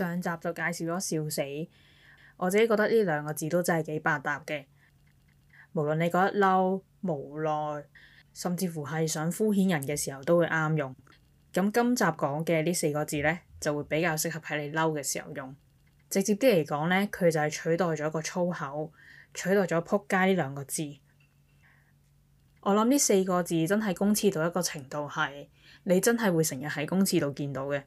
上集就介紹咗笑死，我自己覺得呢兩個字都真係幾百搭嘅。無論你覺得嬲、無奈，甚至乎係想敷衍人嘅時候，都會啱用。咁今集講嘅呢四個字呢，就會比較適合喺你嬲嘅時候用。直接啲嚟講呢，佢就係取代咗個粗口，取代咗仆街呢兩個字。我諗呢四個字真係公廁到一個程度係，你真係會成日喺公廁度見到嘅。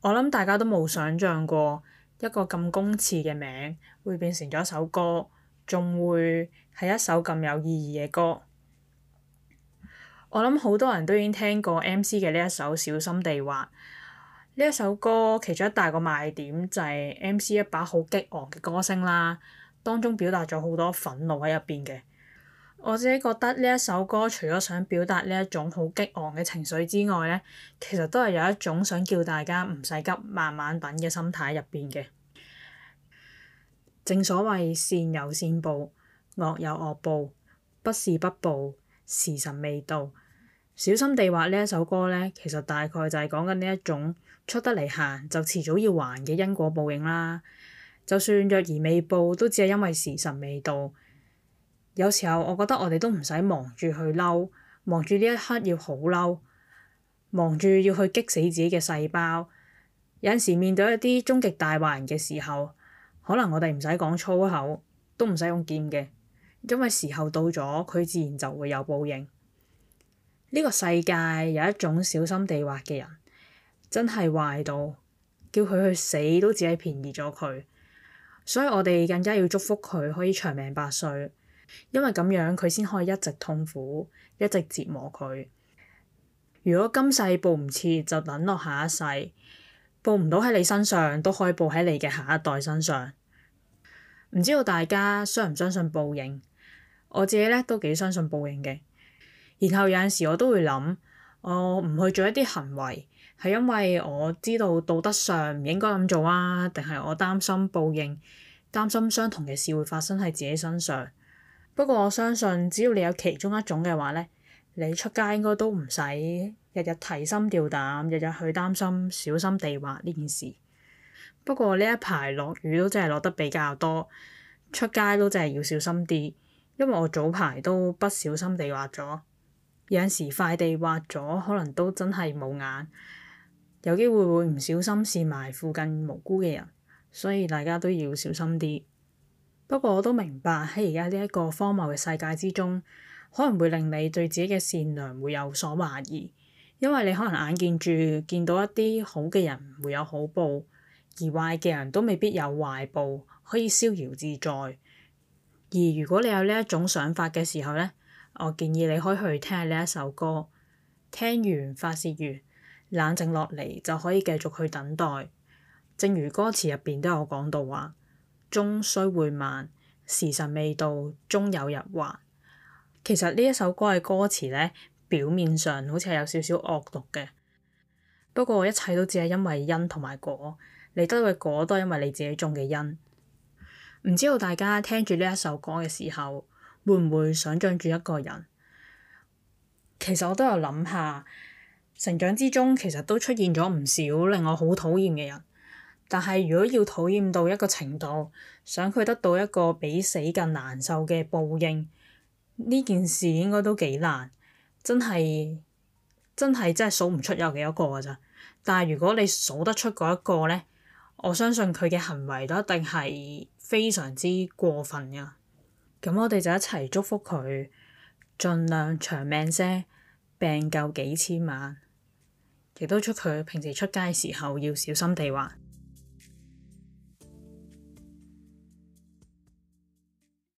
我諗大家都冇想像過一個咁公廁嘅名會變成咗一首歌，仲會係一首咁有意義嘅歌。我諗好多人都已經聽過 M.C. 嘅呢一首《小心地滑》。呢一首歌其中一大個賣點就係 M.C. 一把好激昂嘅歌聲啦，當中表達咗好多憤怒喺入邊嘅。我自己覺得呢一首歌除咗想表達呢一種好激昂嘅情緒之外咧，其實都係有一種想叫大家唔使急，慢慢等嘅心態入邊嘅。正所謂善有善報，惡有惡報，不是不報，時辰未到。小心地滑呢一首歌咧，其實大概就係講緊呢一種出得嚟行就遲早要還嘅因果報應啦。就算若然未報，都只係因為時辰未到。有時候我覺得我哋都唔使忙住去嬲，忙住呢一刻要好嬲，忙住要去激死自己嘅細胞。有陣時面對一啲終極大壞人嘅時候，可能我哋唔使講粗口，都唔使用，用劍嘅，因為時候到咗，佢自然就會有報應。呢、呢個世界有一種小心地滑嘅人，真係壞到叫佢去死都只係便宜咗佢，所以我哋更加要祝福佢可以長命百歲。因為咁樣佢先可以一直痛苦，一直折磨佢。如果今世報唔切，就等落下一世，報唔到喺你身上，都可以報喺你嘅下一代身上。唔知道大家相唔相信報應？我自己咧都幾相信報應嘅。然後有陣時我都會諗，我唔去做一啲行為，係因為我知道道德上唔應該咁做啊，定係我擔心報應，擔心相同嘅事會發生喺自己身上。不過我相信，只要你有其中一種嘅話咧，你出街應該都唔使日日提心吊膽，日日去擔心小心地滑呢件事。不過呢一排落雨都真係落得比較多，出街都真係要小心啲。因為我早排都不小心地滑咗，有陣時快地滑咗，可能都真係冇眼，有機會會唔小心跣埋附近無辜嘅人，所以大家都要小心啲。不過我都明白喺而家呢一個荒謬嘅世界之中，可能會令你對自己嘅善良會有所懷疑，因為你可能眼見住見到一啲好嘅人唔會有好報，而壞嘅人都未必有壞報，可以逍遙自在。而如果你有呢一種想法嘅時候咧，我建議你可以去聽下呢一首歌，聽完發泄完，冷靜落嚟就可以繼續去等待。正如歌詞入邊都有講到話。終須會慢，時辰未到，終有日還。其實呢一首歌嘅歌詞呢，表面上好似係有少少惡毒嘅。不過一切都只係因為因同埋果，你得到嘅果都係因為你自己種嘅因。唔知道大家聽住呢一首歌嘅時候，會唔會想象住一個人？其實我都有諗下，成長之中其實都出現咗唔少令我好討厭嘅人。但係，如果要討厭到一個程度，想佢得到一個比死更難受嘅報應，呢件事應該都幾難。真係真係真係數唔出有幾多個㗎咋。但係如果你數得出嗰一個呢，我相信佢嘅行為都一定係非常之過分㗎。咁我哋就一齊祝福佢，盡量長命些，病夠幾千萬，亦都祝佢平時出街嘅時候要小心地滑。